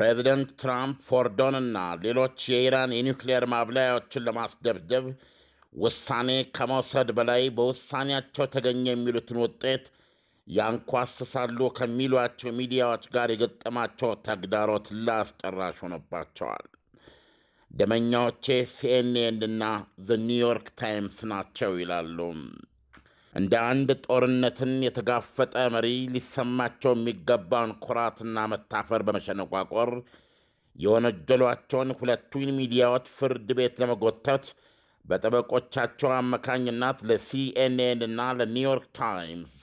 ፕሬዚደንት ትራምፕ ፎርዶንና ሌሎች የኢራን የኒውክሌር ማብላያዎችን ለማስደብደብ ውሳኔ ከመውሰድ በላይ በውሳኔያቸው ተገኘ የሚሉትን ውጤት ያንኳስሳሉ ከሚሏቸው ሚዲያዎች ጋር የገጠማቸው ተግዳሮት ላስጨራሽ ሆነባቸዋል። ደመኛዎቼ ሲኤንኤን እና ዘ ኒውዮርክ ታይምስ ናቸው ይላሉ። እንደ አንድ ጦርነትን የተጋፈጠ መሪ ሊሰማቸው የሚገባውን ኩራትና መታፈር በመሸነቋቆር የወነጀሏቸውን ሁለቱን ሚዲያዎች ፍርድ ቤት ለመጎተት በጠበቆቻቸው አማካኝነት ለሲኤንኤን እና ለኒውዮርክ ታይምስ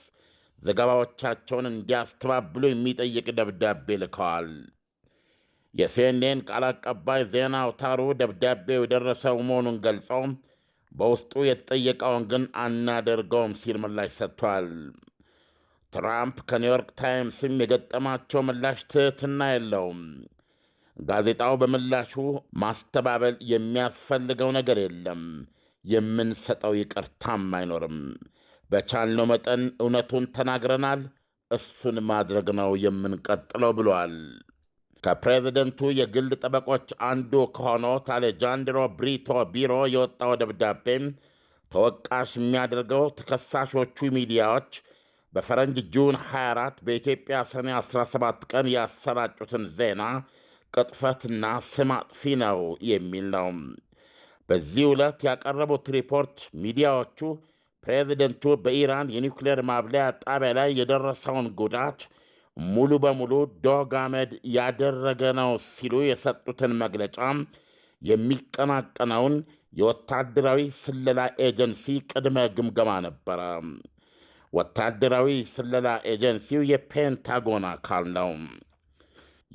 ዘገባዎቻቸውን እንዲያስተባብሉ የሚጠይቅ ደብዳቤ ልከዋል። የሲኤንኤን ቃል አቀባይ ዜና አውታሩ ደብዳቤው የደረሰው መሆኑን ገልጸው በውስጡ የተጠየቀውን ግን አናደርገውም ሲል ምላሽ ሰጥቷል። ትራምፕ ከኒውዮርክ ታይምስም የገጠማቸው ምላሽ ትህትና የለውም። ጋዜጣው በምላሹ ማስተባበል የሚያስፈልገው ነገር የለም፣ የምንሰጠው ይቅርታም አይኖርም። በቻልነው መጠን እውነቱን ተናግረናል፣ እሱን ማድረግ ነው የምንቀጥለው ብሏል። ከፕሬዝደንቱ የግል ጠበቆች አንዱ ከሆነው አሌጃንድሮ ብሪቶ ቢሮ የወጣው ደብዳቤም ተወቃሽ የሚያደርገው ተከሳሾቹ ሚዲያዎች በፈረንጅ ጁን 24 በኢትዮጵያ ሰኔ 17 ቀን ያሰራጩትን ዜና ቅጥፈትና ስም አጥፊ ነው የሚል ነው። በዚህ ዕለት ያቀረቡት ሪፖርት ሚዲያዎቹ ፕሬዚደንቱ በኢራን የኒውክሌር ማብለያ ጣቢያ ላይ የደረሰውን ጉዳት ሙሉ በሙሉ ዶግ አመድ ያደረገ ነው ሲሉ የሰጡትን መግለጫ የሚቀናቀነውን የወታደራዊ ስለላ ኤጀንሲ ቅድመ ግምገማ ነበረ። ወታደራዊ ስለላ ኤጀንሲው የፔንታጎን አካል ነው።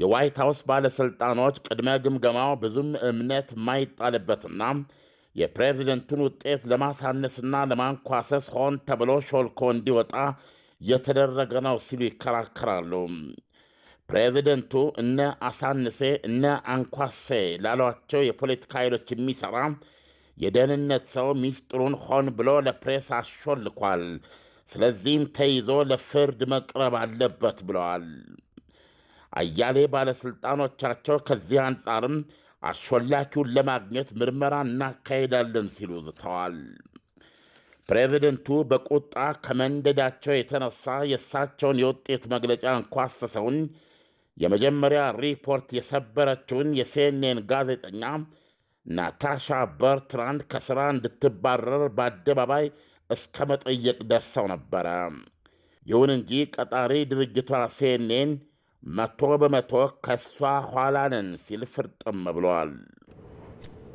የዋይት ሃውስ ባለሥልጣኖች ቅድመ ግምገማው ብዙም እምነት ማይጣልበትና የፕሬዚደንቱን ውጤት ለማሳነስና ለማንኳሰስ ሆን ተብሎ ሾልኮ እንዲወጣ የተደረገ ነው ሲሉ ይከራከራሉ። ፕሬዚደንቱ እነ አሳንሴ እነ አንኳሴ ላሏቸው የፖለቲካ ኃይሎች የሚሠራ የደህንነት ሰው ሚስጥሩን ሆን ብሎ ለፕሬስ አሾልኳል። ስለዚህም ተይዞ ለፍርድ መቅረብ አለበት ብለዋል። አያሌ ባለሥልጣኖቻቸው ከዚህ አንጻርም አሾላኪውን ለማግኘት ምርመራ እናካሄዳለን ሲሉ ዝተዋል። ፕሬዚደንቱ በቁጣ ከመንደዳቸው የተነሳ የእሳቸውን የውጤት መግለጫ እንኳሰሰውን የመጀመሪያ ሪፖርት የሰበረችውን የሴኔን ጋዜጠኛ ናታሻ በርትራንድ ከሥራ እንድትባረር በአደባባይ እስከ መጠየቅ ደርሰው ነበረ። ይሁን እንጂ ቀጣሪ ድርጅቷ ሴኔን መቶ በመቶ ከእሷ ኋላ ነን ሲል ፍርጥም ብሏል።